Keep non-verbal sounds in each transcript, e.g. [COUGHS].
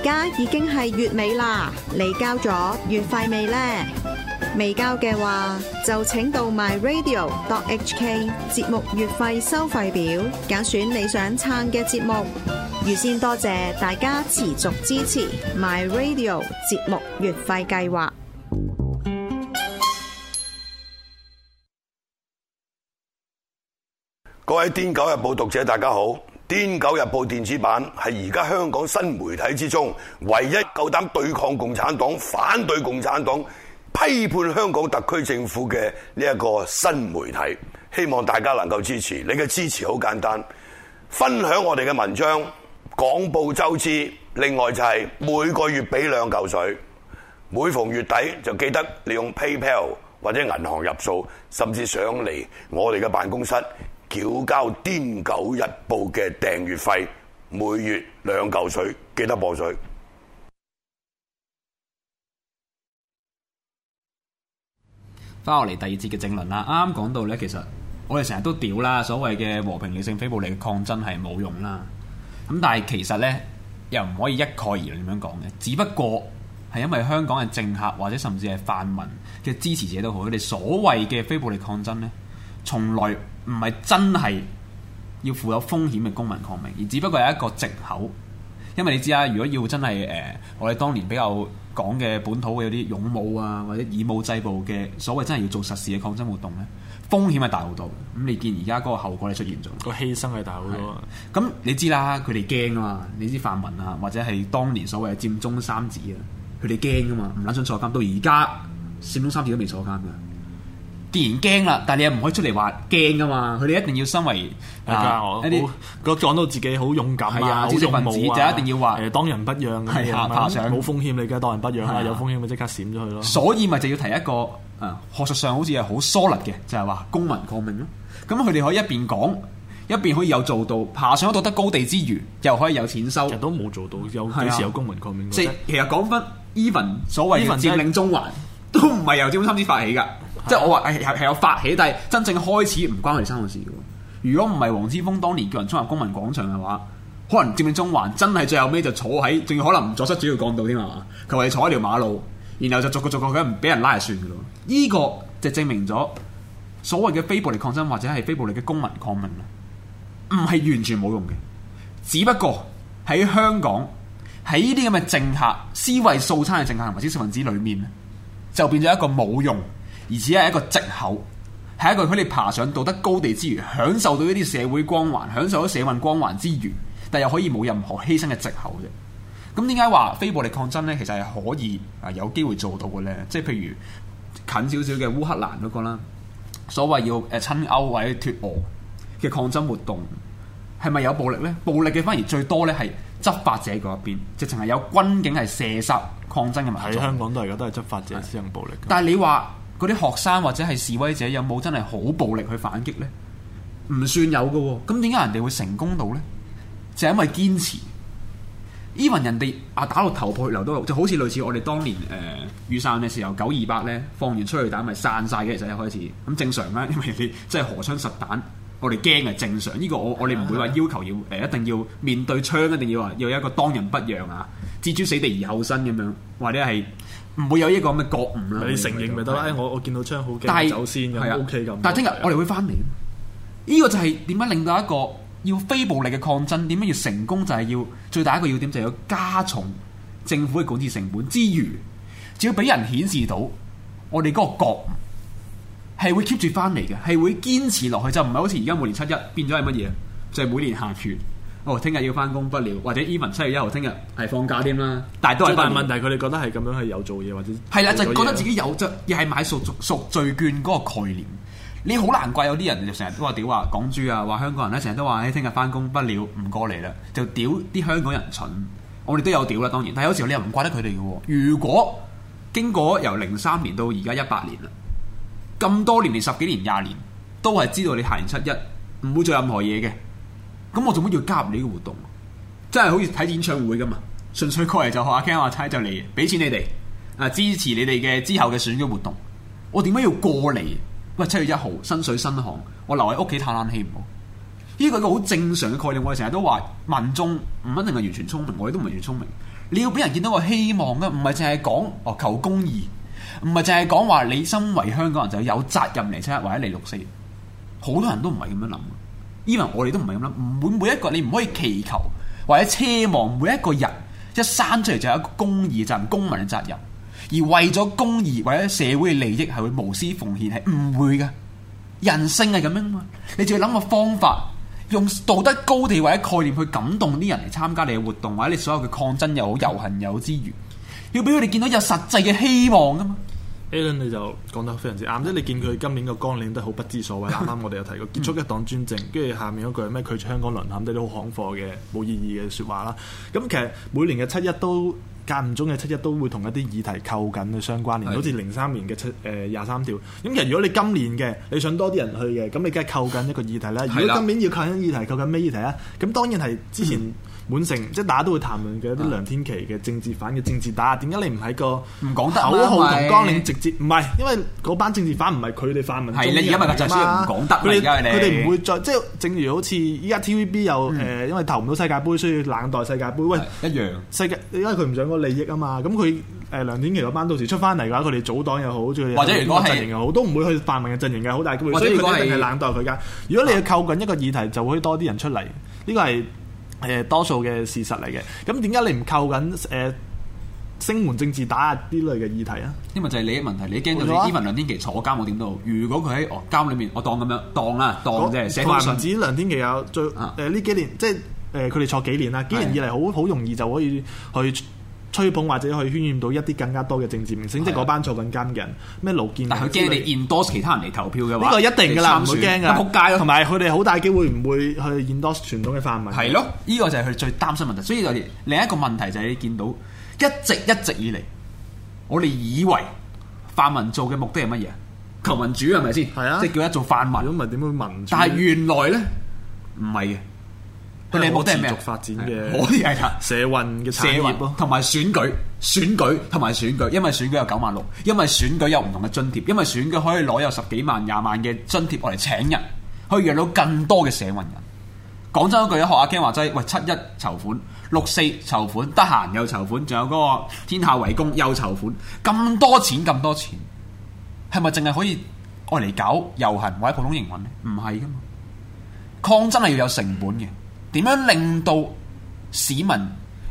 而家已經係月尾啦，你交咗月費未呢？未交嘅話，就請到 myradio.hk 節目月費收費表，揀選你想撐嘅節目。預先多謝大家持續支持 myradio 節目月費計劃。各位《癲狗日報》讀者，大家好。《癲狗日報》電子版係而家香港新媒體之中唯一夠膽對抗共產黨、反對共產黨、批判香港特區政府嘅呢一個新媒體，希望大家能夠支持。你嘅支持好簡單，分享我哋嘅文章，廣布周知。另外就係每個月俾兩嚿水，每逢月底就記得利用 PayPal 或者銀行入數，甚至上嚟我哋嘅辦公室。繳交癲狗日報嘅訂閱費每月兩嚿水，記得報水。翻落嚟第二節嘅政論啦，啱啱講到呢，其實我哋成日都屌啦，所謂嘅和平理性非暴力抗爭係冇用啦。咁但係其實呢，又唔可以一概而論咁樣講嘅，只不過係因為香港嘅政客或者甚至係泛民嘅支持者都好，你所謂嘅非暴力抗爭呢，從來，唔係真係要負有風險嘅公民抗命，而只不過係一個藉口。因為你知啦，如果要真係誒、呃，我哋當年比較講嘅本土嘅有啲勇武啊，或者以武制暴嘅所謂真係要做實事嘅抗爭活動咧，風險係大好多。咁你見而家嗰個後果係出現咗，個犧牲係大好多，啊。咁你知啦，佢哋驚啊嘛！你知泛民啊，或者係當年所謂佔中三子啊，佢哋驚啊嘛！唔諗想坐監，到而家佔中三子都未坐監㗎。既然驚啦，但係你又唔可以出嚟話驚噶嘛？佢哋一定要身為啊一啲，講到自己好勇敢啊，知識分子就一定要話當仁不讓嘅嘢啊，爬上冇風險你嘅，當人不讓啊，有風險咪即刻閃咗佢咯。所以咪就要提一個啊，學術上好似係好 solid 嘅，就係話公民抗命咯。咁佢哋可以一邊講，一邊可以有做到爬上到得高地之餘，又可以有錢收。都冇做到，有幾時有公民抗命？即，其實講翻 even 所謂佔領中環，都唔係由尖沙咀發起㗎。即係我話係有發起，但係真正開始唔關佢生活事。如果唔係黃之鋒當年叫人衝入公民廣場嘅話，可能佔領中環真係最後尾就坐喺，仲要可能唔阻塞主要幹道添啊嘛。佢係坐喺條馬路，然後就逐個逐個咁唔俾人拉就算嘅咯。呢個就證明咗所謂嘅非暴力抗爭或者係非暴力嘅公民抗命，唔係完全冇用嘅。只不過喺香港喺呢啲咁嘅政客思維素餐嘅政客同埋知識分子裏面咧，就變咗一個冇用。而只係一個藉口，係一個佢哋爬上道德高地之餘，享受到呢啲社會光環、享受到社運光環之餘，但又可以冇任何犧牲嘅藉口啫。咁點解話非暴力抗爭呢？其實係可以啊，有機會做到嘅呢。即係譬如近少少嘅烏克蘭嗰個啦，所謂要誒親歐或者脱俄嘅抗爭活動，係咪有暴力呢？暴力嘅反而最多呢係執法者嗰一邊，直情係有軍警係射殺抗爭嘅民眾。喺香港都而家都係執法者使用暴力。但係你話，嗰啲學生或者係示威者有冇真係好暴力去反擊呢？唔算有嘅喎、哦，咁點解人哋會成功到呢？就係、因為堅持。even 人哋啊打到頭破血流都好，就好似類似我哋當年誒、呃、雨傘嘅時候，九二八呢，放完催淚彈咪散晒嘅，其實一開始咁正常啦，因為你真係荷槍實彈，我哋驚係正常。呢、呢個我我哋唔會話要求要誒一定要面對槍，一定要話要有一個當仁不讓啊，置諸死地而後生咁樣，或者係。唔會有一個咁嘅覺悟啦。你承認咪得啦？我我見到槍好驚，但走先咁，O K 咁。但係聽日我哋會翻嚟，呢個就係點樣令到一個要非暴力嘅抗爭點樣要成功？就係、是、要最大一個要點，就要加重政府嘅管治成本之餘，只要俾人顯示到我哋嗰個覺悟係會 keep 住翻嚟嘅，係會堅持落去，就唔係好似而家每年七一變咗係乜嘢？就係、是、每年下血。哦，聽日要翻工不了，或者 even 七月一號聽日係放假添啦。但係都係個問題，佢哋覺得係咁樣去有做嘢，或者係啦，就係、覺得自己有啫。又、就、係、係、買贖贖罪券嗰個概念，你好難怪有啲人就成日都話屌話港豬啊，話香港人咧成日都話誒聽日翻工不了唔過嚟啦，就屌啲香港人蠢。我哋都有屌啦，當然，但係有時候你又唔怪得佢哋嘅。如果經過由零三年到而家一百年啦，咁多年年十幾年廿年都係知道你行七一唔會做任何嘢嘅。咁我做乜要加入你嘅活動呢？真係好似睇演唱會咁啊！純粹過嚟就學下 Ken、學下 Tim 就嚟俾錢給你哋啊，支持你哋嘅之後嘅選舉活動。我點解要過嚟？喂，七月一號身水身汗，我留喺屋企嘆冷氣唔好。呢、呢個一個好正常嘅概念。我哋成日都話民眾唔一定係完全聰明，我哋都唔係完全聰明。你要俾人見到個希望嘅，唔係淨係講哦求公義，唔係淨係講話你身為香港人就有責任嚟七一或者嚟六四。好多人都唔係咁樣諗。因為我哋都唔係咁啦，唔會每一個，你唔可以祈求或者奢望每一個人一生出嚟就有一個公義責任，公民嘅責任，而為咗公義或者社會嘅利益係會無私奉獻，係唔會嘅。人性係咁樣嘛，你就要諗個方法，用道德高地或者概念去感動啲人嚟參加你嘅活動，或者你所有嘅抗爭又好、遊行又好之餘，要俾佢哋見到有實際嘅希望㗎嘛。Allen 你就講得非常之啱，即係你見佢今年個光領都好不知所謂。啱啱我哋有提過結束一黨專政，跟住下面嗰句咩拒絕香港淪陷，啲都好行貨嘅冇意義嘅説話啦。咁其實每年嘅七一都間唔中嘅七一都會同一啲議題扣緊嘅相關聯，例如好似零三年嘅七誒廿三條。咁其實如果你今年嘅你想多啲人去嘅，咁你梗係扣緊一個議題啦。的如果今年要扣緊議題，扣緊咩議題啊？咁當然係之前。嗯滿城即係大家都會談論嘅一啲梁天琦嘅政治犯嘅政治打壓，點解你唔喺個口號同綱領直接？唔係，因為嗰班政治犯唔係佢哋泛民組成啊嘛。唔講得佢哋唔會再即係，正如好似依家 TVB 又誒，因為投唔到世界盃，所以冷待世界盃。喂，一樣世界，因為佢唔想嗰個利益啊嘛。咁佢誒梁天琦嗰班到時出翻嚟嘅話，佢哋組黨又好，或者如果陣營又好，都唔會去泛民嘅陣營嘅，好大機會。所以佢哋係冷待佢噶，如果你要扣緊一個議題，就會多啲人出嚟。呢個係。誒多數嘅事實嚟嘅，咁點解你唔扣緊誒聲援政治打壓啲類嘅議題啊？因為就係你嘅問題，你驚到啲。even [MUSIC] 梁天琦坐監我點都好，如果佢喺監裏面，我當咁樣當啦，當即係。果寫同埋甚至梁天琦有最誒呢、呃、幾年，啊、即係誒佢哋坐幾年啦，幾年以嚟好好容易就可以去。吹捧或者去渲染到一啲更加多嘅政治明星，即係嗰班坐緊監嘅人，咩路建。但佢驚你 endorse 其他人嚟投票嘅話，呢個一定㗎啦，唔會驚㗎。同埋佢哋好大機會唔會去 endorse 傳統嘅泛民。係咯，呢個就係佢最擔心問題。所以又另一個問題就係你見到一直一直以嚟，我哋以為泛民做嘅目的係乜嘢？求民主係咪先？係啊，即係叫佢做泛民。咁咪點樣民主？但係原來咧，唔係嘅。佢哋冇得持續發展嘅，可以係啦，社運嘅產業咯，同埋選舉，選舉同埋選舉，因為選舉有九萬六，因為選舉有唔同嘅津貼，因為選舉可以攞有十幾萬、廿萬嘅津貼，我嚟請人，可以約到更多嘅社運人。講真一句，一學阿 Ken 話齋，喂，七一籌款，六四籌款，得閒又籌款，仲有嗰個天下為公又籌款，咁多錢咁多錢，係咪淨係可以我嚟搞遊行或者普通營運呢？唔係噶嘛，抗爭係要有成本嘅。嗯點樣令到市民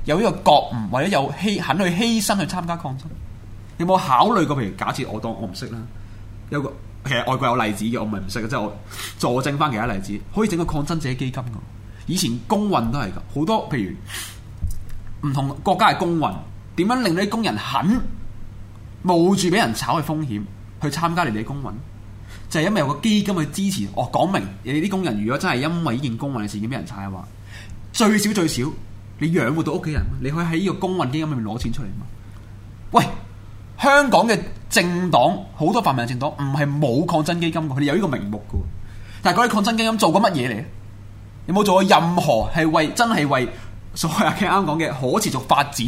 有呢個覺悟，或者有犧肯去犧牲去參加抗爭？有冇考慮過？譬如假設我當我唔識啦，有個其實外國有例子嘅，我咪唔識嘅，即係我佐證翻其他例子，可以整個抗爭者基金噶。以前公運都係噶，好多譬如唔同國家嘅公運，點樣令到啲工人肯冒住俾人炒嘅風險去參加你哋公運？就係因為有個基金去支持，我、哦、講明你啲工人如果真係因為呢件工運嘅事件俾人踩嘅話，最少最少你養活到屋企人，你可以喺呢個工運基金裏面攞錢出嚟嘛。喂，香港嘅政黨好多泛民政黨唔係冇抗爭基金嘅，佢哋有呢個名目嘅，但係嗰啲抗爭基金做過乜嘢嚟咧？有冇做過任何係為真係為所謂阿 Ken 啱講嘅可持續發展？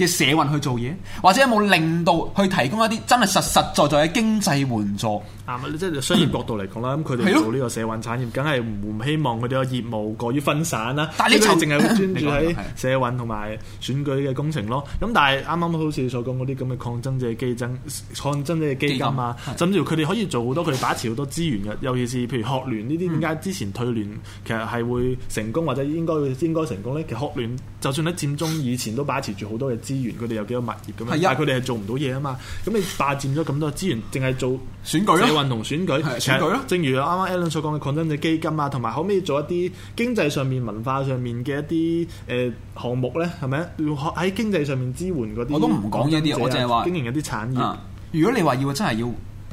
嘅社運去做嘢，或者有冇令到去提供一啲真係實實在在嘅經濟援助？啱啊，即係商業角度嚟講啦，咁佢哋做呢個社運產業，梗係唔希望佢哋嘅業務過於分散啦。但係呢個淨係專注喺社運同埋選舉嘅工程咯。咁 [COUGHS] 但係啱啱好似所講嗰啲咁嘅抗爭者基金、抗爭者基金啊，甚至乎佢哋可以做好多佢哋把持好多資源嘅，尤其是譬如學聯呢啲，點解、嗯、之前退聯其實係會成功或者應該會應該成功咧？其實學聯就算喺佔中以前都把持住好多嘅。資源佢哋有幾多物業咁樣，的但係佢哋係做唔到嘢啊嘛。咁你霸佔咗咁多資源，淨係做選舉咯，社運同選舉選舉咯。正如啱啱 Allen 所講嘅，講真嘅基金抗爭者基金啊，同埋可唔可以做一啲經濟上面、文化上面嘅一啲誒項目咧，係咪要喺經濟上面支援嗰啲，我都唔講呢啲，我就係話經營一啲產業。如果你話要真係要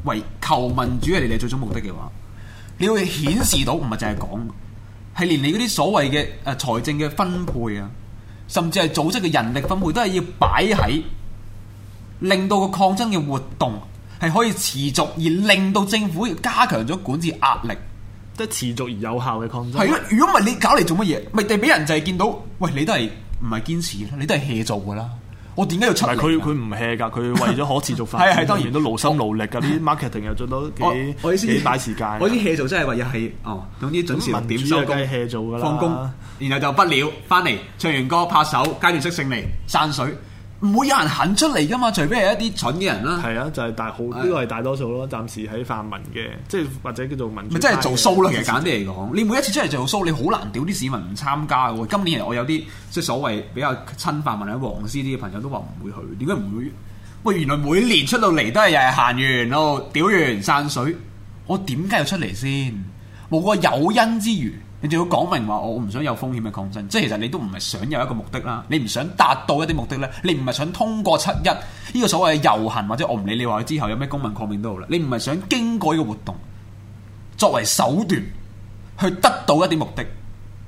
為求民主係你最終目的嘅話，你要顯示到，唔係淨係講，係連你嗰啲所謂嘅誒財政嘅分配啊。甚至係組織嘅人力分配都係要擺喺，令到個抗爭嘅活動係可以持續，而令到政府加強咗管治壓力，都持續而有效嘅抗爭。係咯，如果唔係你搞嚟做乜嘢？咪地俾人就係見到，喂，你都係唔係堅持嘅？你都係卸做噶啦。我點解要出？佢佢唔 hea 㗎，佢為咗可持續發展。係係，當然都勞心勞力㗎，啲 marketing 又做到幾我意思幾大時間。我啲 hea 做真係話又係，總之準時六點收工放工，然後就不了翻嚟唱完歌拍手階段式勝利散水。唔會有人肯出嚟噶嘛，除非係一啲蠢嘅人啦。係啊，就係、是、大好呢個係大多數咯。暫時喺泛民嘅，即係或者叫做民。咪即係做 show 咯，其實做 show 簡單啲嚟講，你每一次出嚟做 show，你好難屌啲市民唔參加嘅喎。今年其實我有啲即係所謂比較親泛民、喺黃絲啲嘅朋友都話唔會去，點解唔會？喂，原來每年出到嚟都係又係行完咯，屌完散水，我點解要出嚟先？冇個有因之餘。你仲要講明話我唔想有風險嘅抗爭，即係其實你都唔係想有一個目的啦，你唔想達到一啲目的咧，你唔係想通過七一呢個所謂嘅遊行或者我唔理你話佢之後有咩公民抗命都好啦，你唔係想經過呢個活動作為手段去得到一啲目的，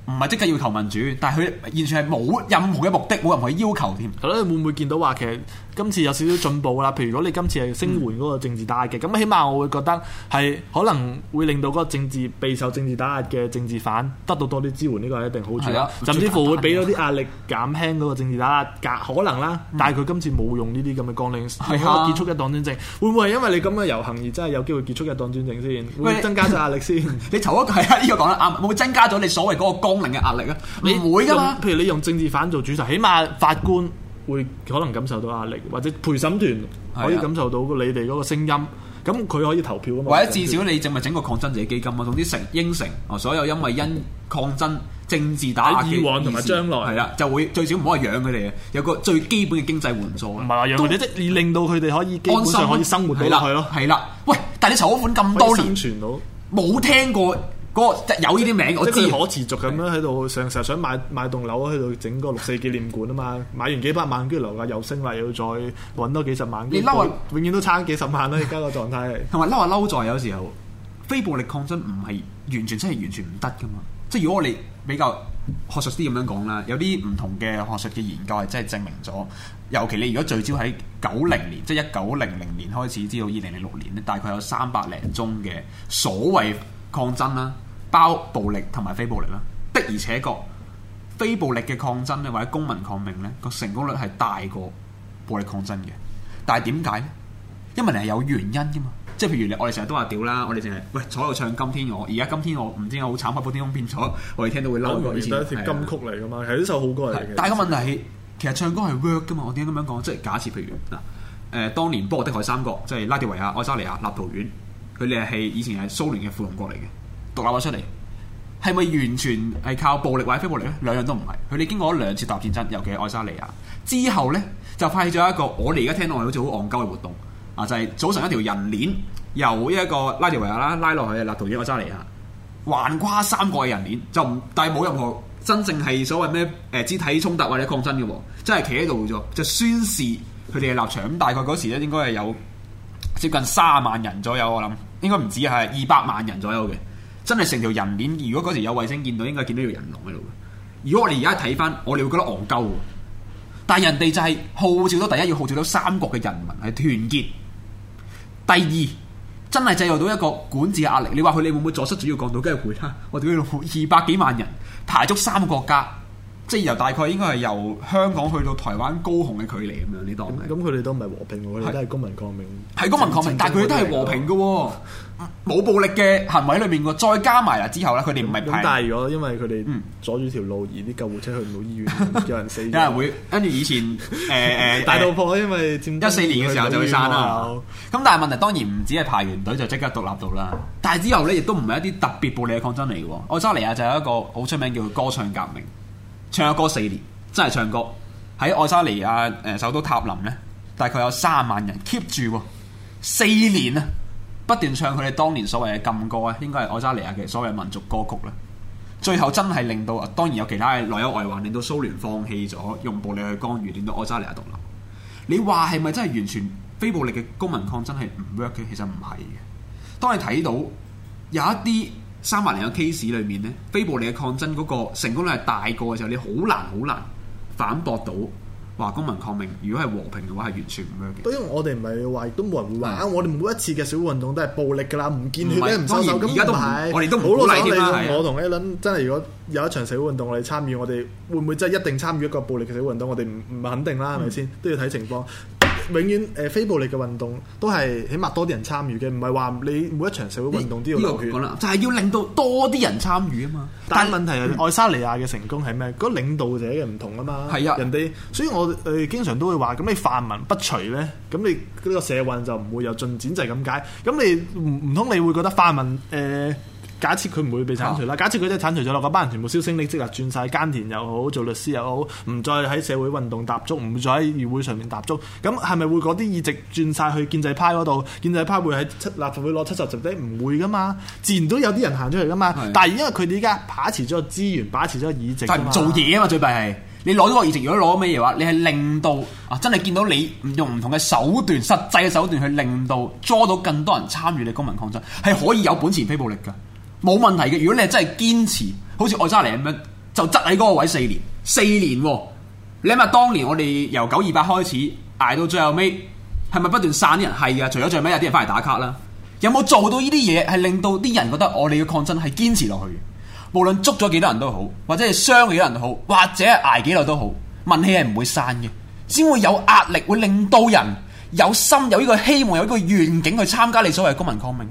唔係即刻要求民主，但係佢完全係冇任何嘅目的，冇任何要求添。咁你會唔會見到話其實？ [MUSIC] [MUSIC] 今次有少少進步啦，譬如如果你今次係聲援嗰個政治打壓嘅，咁、嗯、起碼我會覺得係可能會令到嗰個政治備受政治打壓嘅政治犯得到多啲支援，呢個係一定好處。啊、甚至乎會俾咗啲壓力減輕嗰個政治打壓，可能啦。嗯、但係佢今次冇用呢啲咁嘅綱領，而係、啊、結束一黨專政。會唔會係因為你咁嘅遊行而真係有機會結束一黨專政先？會，會增加咗壓力先？你投一個係啊？呢個講得啱，會唔會增加咗你所謂嗰個綱領嘅壓力啊？你唔會噶嘛？譬如你用政治犯做主席，起碼法官。會可能感受到壓力，或者陪審團可以感受到你哋嗰個聲音，咁佢是的 可以投票啊嘛。或者至少你淨係整個抗爭者基金啊，總之成應承啊，所有因為因抗爭政治打擊。喺以往同埋將來係啦，就會最少唔好話養佢哋啊，有個最基本嘅經濟援助，唔係話養佢哋即都令到佢哋可以基本上可以生活起落咯。係啦、啊，喂，但係你籌嗰款咁多年，冇聽過。那個、有呢啲名，即我知可持續咁樣喺度，成日想買買棟樓，喺度整個六四紀念館啊嘛。買完幾百萬，跟住樓價又升啦，又要再揾多幾十萬。你嬲啊，永遠都差幾十萬啦、啊，而家個狀態。同埋嬲啊嬲在，有時候非暴力抗爭唔係完全真係、就是、完全唔得㗎嘛。即係如果我哋比較學術啲咁樣講啦，有啲唔同嘅學術嘅研究係真係證明咗，尤其你如果聚焦喺九零年，即係一九零零年開始，至到二零零六年咧，大概有三百零宗嘅所謂。抗爭啦，包暴力同埋非暴力啦。的而且確，非暴力嘅抗爭咧，或者公民抗命咧，個成功率係大過暴力抗爭嘅。但係點解咧？因為你係有原因嘅嘛。即係譬如你，我哋成日都話屌啦，我哋淨係喂坐喺度唱今天我，而家今天我唔知我好慘啊，部天空變咗，我哋聽到會嬲。以前呢啲係金曲嚟噶嘛？係一首好歌嚟嘅。的的但係個問題係，其實唱歌係 work 噶嘛？我點解咁樣講？即係假設譬如嗱，誒、呃，當年波的海三國，即係拉脱維亞、愛沙尼亞、立陶宛。佢哋係以前係蘇聯嘅附庸國嚟嘅，獨立咗出嚟，係咪完全係靠暴力或者非暴力咧？兩樣都唔係，佢哋經過咗兩次獨立戰爭，尤其係愛沙尼亞之後咧，就發起咗一個我哋而家聽落去好似好戇鳩嘅活動，啊，就係組成一條人鏈，由呢一個拉脱維亞啦拉落去嘅，立陶宛，同愛沙尼亞橫跨三個人鏈，就唔但係冇任何真正係所謂咩誒肢體衝突或者抗爭嘅喎，真係企喺度做就宣示佢哋嘅立場。咁大概嗰時咧應該係有接近卅萬人左右，我諗。應該唔止啊，係二百萬人左右嘅，真係成條人面。如果嗰時有衛星見到，應該見到條人龍喺度。如果我哋而家睇翻，我哋會覺得戇鳩。但係人哋就係號召到第一，要號召到三國嘅人民係團結；第二，真係製造到一個管治嘅壓力。你話佢，你會唔會阻塞主要港島？跟住回他？我哋要二百幾萬人排足三個國家。即係由大概應該係由香港去到台灣高雄嘅距離咁樣呢度，咁佢哋都唔係和平喎，佢哋都係公民抗命。係公民抗命，但係佢哋都係和平嘅喎，冇暴力嘅行為喺裏面喎。再加埋啦之後咧，佢哋唔係排。咁但係如果因為佢哋阻住條路而啲救護車去唔到醫院，有人死，有人會跟住以前誒誒大道破，因為一四年嘅時候就會散啦。咁但係問題當然唔止係排完隊就即刻獨立到啦，但係之後咧亦都唔係一啲特別暴力嘅抗爭嚟嘅喎。愛沙尼亞就有一個好出名叫做歌唱革命。唱歌四年，真係唱歌喺愛沙尼亞誒首都塔林呢，大概有三萬人 keep 住、哦，四年啊不斷唱佢哋當年所謂嘅禁歌咧，應該係愛沙尼亞嘅所謂民族歌曲啦。最後真係令到當然有其他嘅內憂外患，令到蘇聯放棄咗用暴力去干預，令到愛沙尼亞獨立。你話係咪真係完全非暴力嘅公民抗爭係唔 work 嘅？其實唔係嘅，當你睇到有一啲。三萬零個 case 裏面咧，非暴力抗爭嗰個成功率係大過嘅時候，你好難好難反駁到話公民抗命。如果係和平嘅話，係完全唔一樣嘅。對於我哋唔係話，都冇人會話，嗯、我哋每一次嘅社會運動都係暴力㗎啦，唔見血嘅，唔收手，咁而家都係。我哋都唔好攞嚟㗎。我同 Allen 真係，如果有一場社會運動，我哋參與，我哋會唔會真係一定參與一個暴力嘅社會運動？我哋唔唔肯定啦，係咪先？都要睇情況。永遠誒、呃、非暴力嘅運動都係起碼多啲人參與嘅，唔係話你每一場社會運動都要流血。係係就係、係、要令到多啲人參與啊嘛。但問題係、嗯、愛沙尼亞嘅成功係咩？嗰領導者嘅唔同啊嘛。係啊，人哋，所以我誒、呃、經常都會話，咁你泛民不除咧，咁你呢、嗰個社運就唔會有進展，就係咁解。咁你唔唔通你會覺得泛民誒、呃假設佢唔會被剷除啦，啊、假設佢真係剷除咗落個班人全部銷聲匿跡啊，轉晒耕田又好，做律師又好，唔再喺社會運動踏足，唔再喺議會上面踏足，咁係咪會嗰啲議席轉晒去建制派嗰度？建制派會喺七，立法會攞七十席底，唔會㗎嘛。自然都有啲人行出嚟㗎嘛。是但係因為佢哋依家把持咗資源，把持咗議席，唔做嘢啊嘛，最弊係你攞咗個議席，如果攞咩嘢話，你係令到啊，真係見到你唔用唔同嘅手段，實際嘅手段去令到捉到更多人參與你公民抗爭，係可以有本錢非暴力㗎。冇問題嘅，如果你真係堅持，好似愛沙尼咁樣，就執喺嗰個位四年，四年喎、哦。你諗下，當年我哋由九二八開始捱到最後尾，係咪不，不斷散啲人？係噶，除咗最尾有啲人翻嚟打卡啦。有冇做到呢啲嘢係令到啲人覺得我哋嘅抗爭係堅持落去嘅？無論捉咗幾多人都好，或者係傷幾多人都好，或者係捱幾耐都好，民氣係唔會散嘅，先會有壓力，會令到人有心有呢個希望，有呢個願景去參加你所謂公民抗命。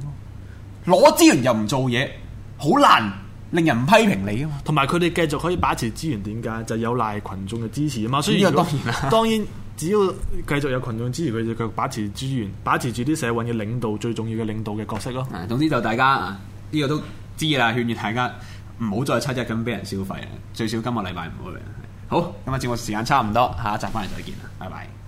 攞資源又唔做嘢，好難令人唔批評你啊嘛。同埋佢哋繼續可以把持資源點解就有賴群眾嘅支持啊嘛。所以如果當然,當然，只要繼續有群眾支持佢就繼續把持資源，把持住啲社運嘅領導最重要嘅領導嘅角色咯。總之就大家呢個都知啦，勸住大家唔好再七日咁俾人消費，最少今個禮拜唔會。好，今日節目時間差唔多，下一集翻嚟再見啦，拜拜。